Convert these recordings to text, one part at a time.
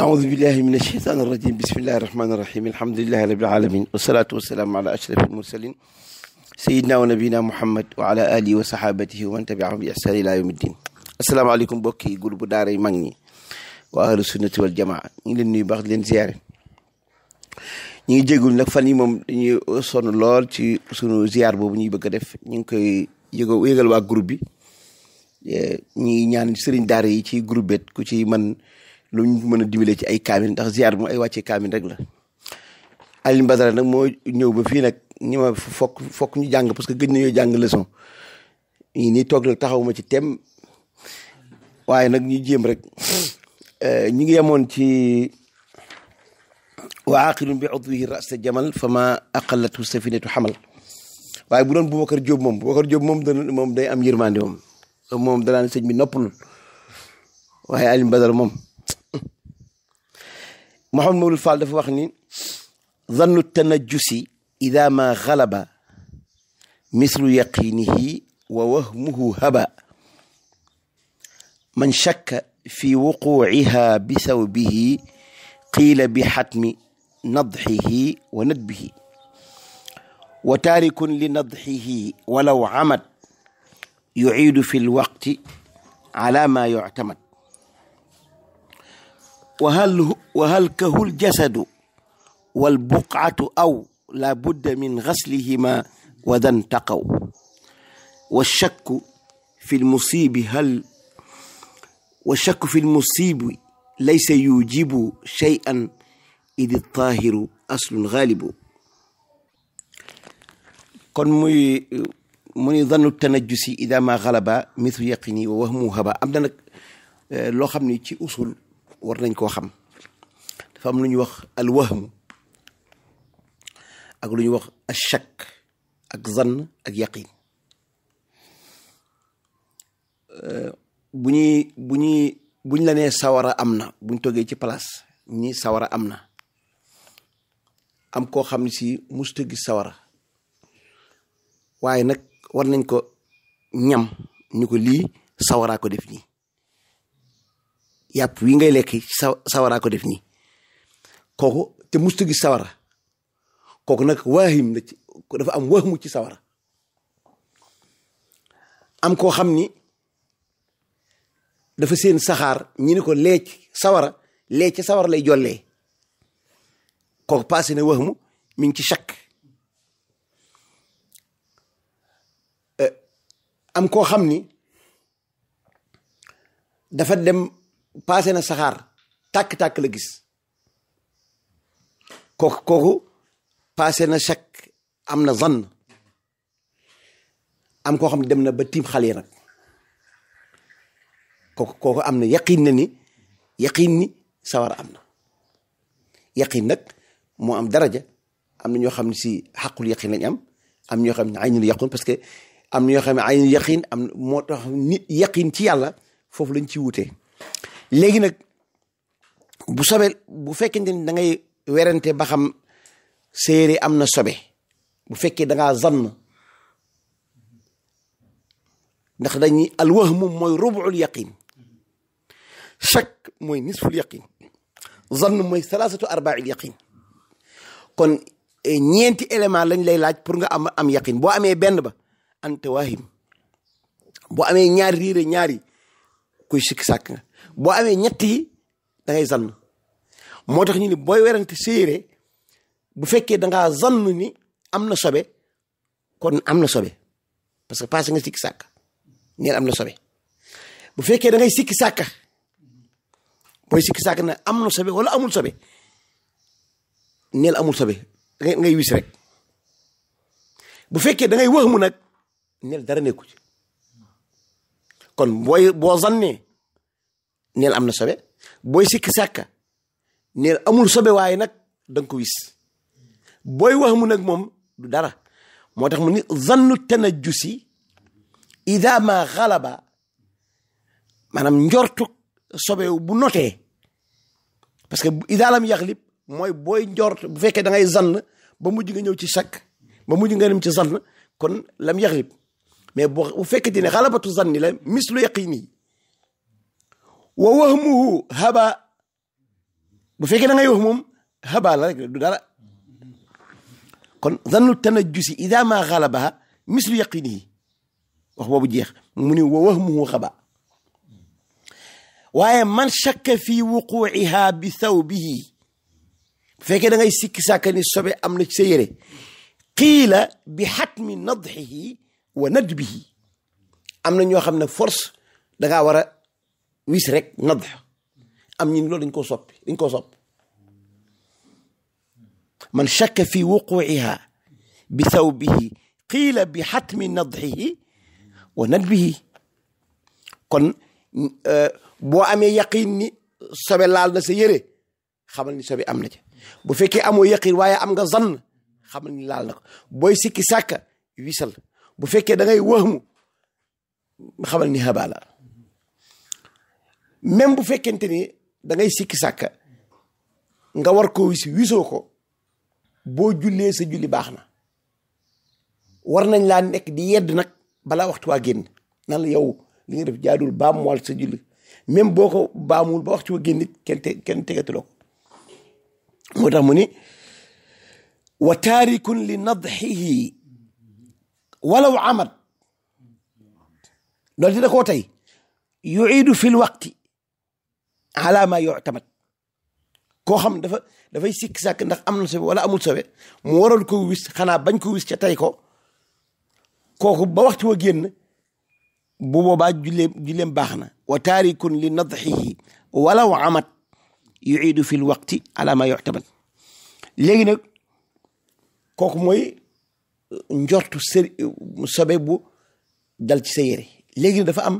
aoudu billahi min alsheytaan irrajim bismillahi irrahmani irrahim alhamdulilahi rabil alamin wasalatu wasalaamu ala ashraf almursalin sayidna wa nabina muhammad wa ala alihi wa sahabatihi wa man tabiahum bi ihsaan ila yawm iddin asalaamaaleykum mbokki groupe daaray mag ñi wa ahlu sunnati wal jamaa ñu ngi leen nuyu baax di leen ziyaare ñu ngi jégul nag fan yi moom dañuy sonn lool ci sunu ziyaar boobu ñuy bëgg a def ñu ngi koy yëgo yëgal waa groupe bi eh, ñuy ñaan sëriñ daara yi ci groupe bi ku ci man lu ñu mën a dimbalee ci ay kaamil ndax ziar bi mu ay wàccee kaamil rek la Alioune Badara nag moo ñëw ba fii nag ñi ma fokk ñu jàng parce que gëj nañoo jàng leçon ñi nii toog nag taxawuma ci tem waaye nag ñu jéem rek eh, ñi ngi yemoon ci wa aqilun bi udwihi rasa fa ma aqalatu safinatu xamal waaye bu doon Boubacar Diop moom Boubacar Diop moom dana moom day am yërmande moom moom danaan bi noppalul waaye Badara moom Mouhamed Mawlud Fall dafa wax ni zannu tanajusi ida ma xalaba mislu yaqinihi wa wahmuhu haba man shakka fi wuquuciha bi sawbihi qiila bi xatmi nadxihi wa nadbihi wa taarikun li nadxihi walaw amad yuciidu fi lwaqti ala ma yuctamad wahal wahal kahul jasadu wal buqatu aw la budda min xaslihima wa dan taqaw wa shakku fi lmusibi hal wa shakku fi lmusibi laysa yujibu cheyan idi taahiru aslun xaalibu kon muy mu ni danu tanajusi ida ma xalaba mithlu yaqini wa wahmu haba am na nag eh, loo xam ni ci usul war nañ koo xam dafa am lu ñuy wax alwahmu ak lu ñuy wax achak ak zann ak yaqin euh, bu ñuy bu ñuy buñ la nee sawara am na buñ toggee ci place ñi sawara am na am koo xam ne si musta gis sawara waaye nag war nañ ko ñam ñu ko lii sawaraa ko def nii yàpp wi ngay lekk sa sawaraa ko def nii kooku te musta gis sawara kooku nag waahim la ci dafa am wahmu ci sawara am koo xam ni dafa seen saxaar ñi ni ko leec sawara leec ci sawara lay jollee kooku passé na wahmu mi ngi ci chakk eh, am koo xam ni dafa dem paase na saxaar takk tàkk la gis kooku kooku paase na chak am na zann am koo xam ne dem na ba tiim xale yi nag kooku kooku am na yaqiin na ni yaqiin ni sawar am na yaqiin nag moo am daraja am na ñoo xam ne si xaqul yaqiin lañ am am ñoo xam ne aynul yaquun parce que am na ñoo xam ne aynul yaqiin am moo tax nit ci yàlla foofu lañ ci wutee léegi nag bu sobe bu fekkente ni da ngay werante ba xam séeréer am na sobe bu fekkee da ngaa ndax dañuy alwahmu mooy rubul yaqin shak mooy nisful yaqin zann mooy salaasatu arbail yaqin kon eh, ñeenti élément lañ lay laaj pour nga am am yaqin boo amee benn ba ante waahim boo amee ñaari riire ñaari kuy sikki sàkk nga boo amee ñetti yi da ngay moo tax ñu ni booy werante séere bu fekkee da ngaa zann ni am na sobe kon am na sobe parce que passé nga sikki sàkk neen am na sobe bu fekkee da ngay sikki sàkk booy sikki sàkk na am na sobe wala amul sobe neel amul sobe ngay wis rek bu fekkee da ngay wax mu nag neel dara nekku ci kon booy boo zannee neel am na sobe booy sikk sàkka neel amul sobe waaye nag da nga wis booy wax mu nag moom du dara moo tax mu ni zannu tanajusi ida ma xalaba maanaam njortu sobewu bu notee parce que idaalam yaxlib mooy booy njort bu fekkee dangay ngay zann ba mujj nga ñëw ci sakk ba mujj nga dem ci zann kon lam yaxlib mais bu fekkee ne xalabatu zanni la mislu yaqini wa wahmuhu habaa bu fekkee da ngay wax moom habaa la rek du dara kon zannu tanajjusi ida ma xalabaha mislu yaqinihi wax boobu jeex mu ni wa wahmuhu habaa waaye man shakka fi wuquuiha bi thawbihi bu fekkee da ngay sikki sàkka ni sobe am na ci sa yére qiila bi xatmi nadxihi wa nadbihi am na ñoo xam ne force da wis rek nadd am ñi loolu dañ koo soppi dañ koo sopp man shakka fi wuquiha bi thawbihi qiila bi xatmi nadxihi wa nadbihi kon euh, boo amee yaqin ni sobe laal na sa yére xamal ni sobe am na ca bu fekkee amoo yaqin waaye am nga zann xamal ni laal na ko booy sikki sàkka wisal bu fekkee da ngay wahmu xamal ni habala même bu fekkente ni da ngay sikki sàkka nga war ko wisi wisoo ko boo jullee sa julli baax na war nañ laa nekk di yedd nag balaa waxtu waa génn nan la yow li nga def jaadul baamuwaal sa julli même boo ko baamul ba waxtu waa génn it kenn te kenn tegatuloo ko moo tax mu ni wa taarikun li nadxihi walaw amad loolu dina koo tey yuiidu fi lwaqti ala ma yoo tamat koo xam dafa dafay sikki sàkk ndax am na sobe wala amul sobe mu waral ko wis xanaa bañ ko wis ca tey ko kooku ba waxtu wa génn bu boobaa julleem julleem baax na wa taarikun li nadxihi walaw amat yuidu fi lwaqti ala ma yuctamat léegi nag kooku mooy njortu sër sobe bu dal ci sa yére léegi dafa am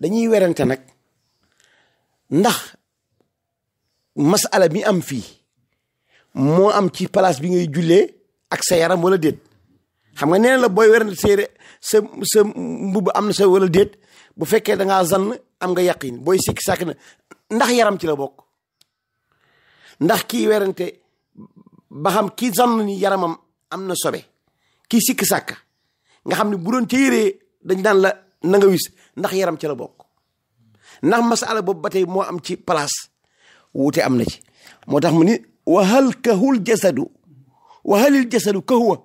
dañuy werante nag ndax masala mi am fii moo am ci place bi ngay jullee ak sa yaram wala déet xam nga nee na la booy werante séere sa sa mbubb am na sa wala déet bu fekkee da ngaa zann am nga yàqin booy sikki sàkk na ndax yaram ci la bokk ndax kii werante ba xam kii zann ni yaramam am na sobe kii sikk sàkk nga xam ne bu doon ca yéree dañ daan la na nga wis ndax yaram ci la bokk ndax masala boobu ba tey moo am ci place wuute am na ci moo tax mu ni wa hal kahul jasadu wa halil jasadu kahuwa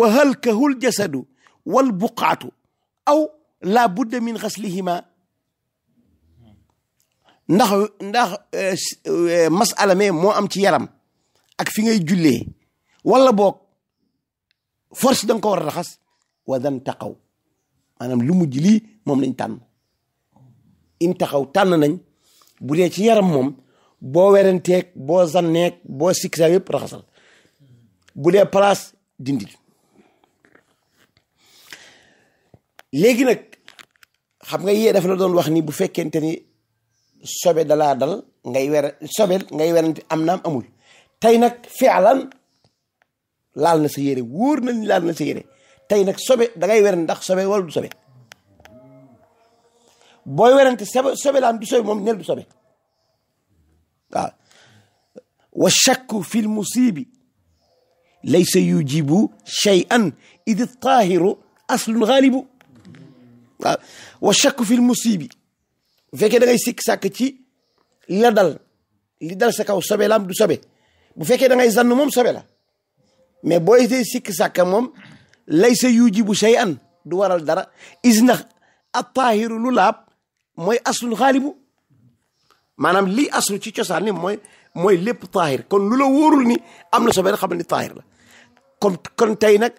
wa hal kahul jasadu wal buqaatu aw la budda min xaslihima ndax ndax eh, eh, masala me moo am ci yaram ak fi ngay jullee wala boog force da nga ko war a raxas wa dan taqaw maanaam lu mujj lii moom lañ tànn im taxaw tànn nañ bu dee ci yaram moom boo werenteeg boo zanneeg boo siksa yëpp raxasal bu dee place dindil léegi nag xam nga yee daf la doon wax nii bu fekkente ni sobe dalaa dal ngay were sobe ngay werante am naam amul tey nag fialan laal na sa yére wóor nañ laal na sa yére tey nag sobe da ngay werante ndax sobe wala du sobe booy werante sobe sobe la am du sobe moom nel du sobe waaw wa shakku fi l musibi laysa yujibu shay'an id taahiru aslun xaalibu waaw wa shakku fi l bu fekkee da sikk sàkk ci li dal li dal sa kaw sobe la am du sobe bu fekkee dangay ngay zann moom sobe la mais booy see sikk sàkk moom laysa yujibu shay'an du waral dara is na attaahiru lu laab mooy aslul xaalibu maanaam lii aslu ci cosaan ni mooy mooy lépp taahir kon lu la wóorul ni am na sobe rek xamal ni taahir la kon kon tey nag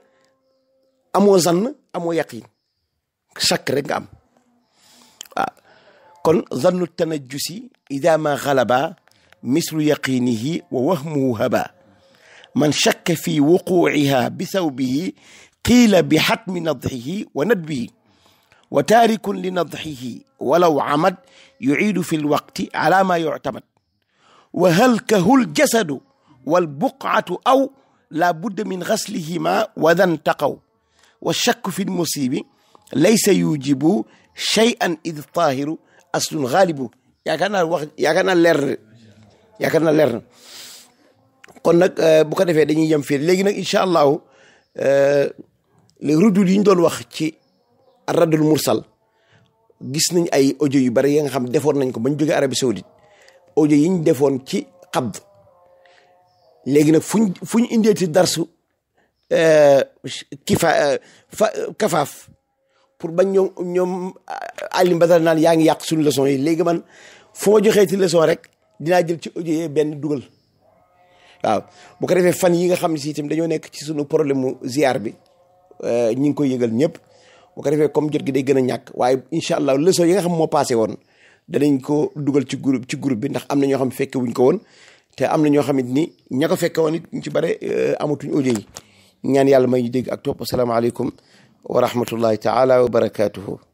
amoo zann amoo yaqin shakk rek nga am waaw kon zannu tanajjusi ida ma xalaba mislu yaqinihi wa wahmuhu haba man shakka fi wuquuciha bi sawbihi qiila bi xatmi nadxihi wa nadbihi wa taarikun li nadxihi walaw amad yuciidu fi lwaqti ala maa yuctamad wa halkahu ljasadu walbuqatu aw laa budda min xaslihima wadan taqaw wa shakku fi lmusibi laysa yujibu cheyan id taahiru aslun xaalibu yaakaar naa wax yaakaar naa leer na yaakaar naa leer na kon nag euh, bu ko defee dañuy yem fii léegi nag incha allahu euh, les rudules yi ñu doon wax ci radul mursal gis nañ ay audio yu bari ya nga xam defoon nañ ko bañ jógee Arabie Saoudite audio yi defoon ci xabd léegi nag fuñ fuñ indeeti darsu euh, kifa euh, fa kafaaf pour bañ ñoom ñoom euh, Alioune Badara naan yaa ngi yàq suñu leçon yi léegi man fu ma joxee ci leçon rek dinaa jël ci audio yee benn dugal waaw bu ko defee fan yi nga xam ne si itam dañoo nekk ci suñu problème mu ziar bi ñu ngi koy yëgal ñëpp bu ko defee comme jot gi day gën a ñàkk waaye incha allah leso yi nga xam moo passé woon danañ ko dugal ci groupe ci groupe bi ndax am na ñoo xam fekke wuñ ko woon te am na ñoo xamit ni ña ko fekke woon it ñu ci bare euh, amatuñ audio yi ñaan yàlla may ñu dégg ak topp asalaamaaleykum wa rahmatullahi taala wa barakaatuhu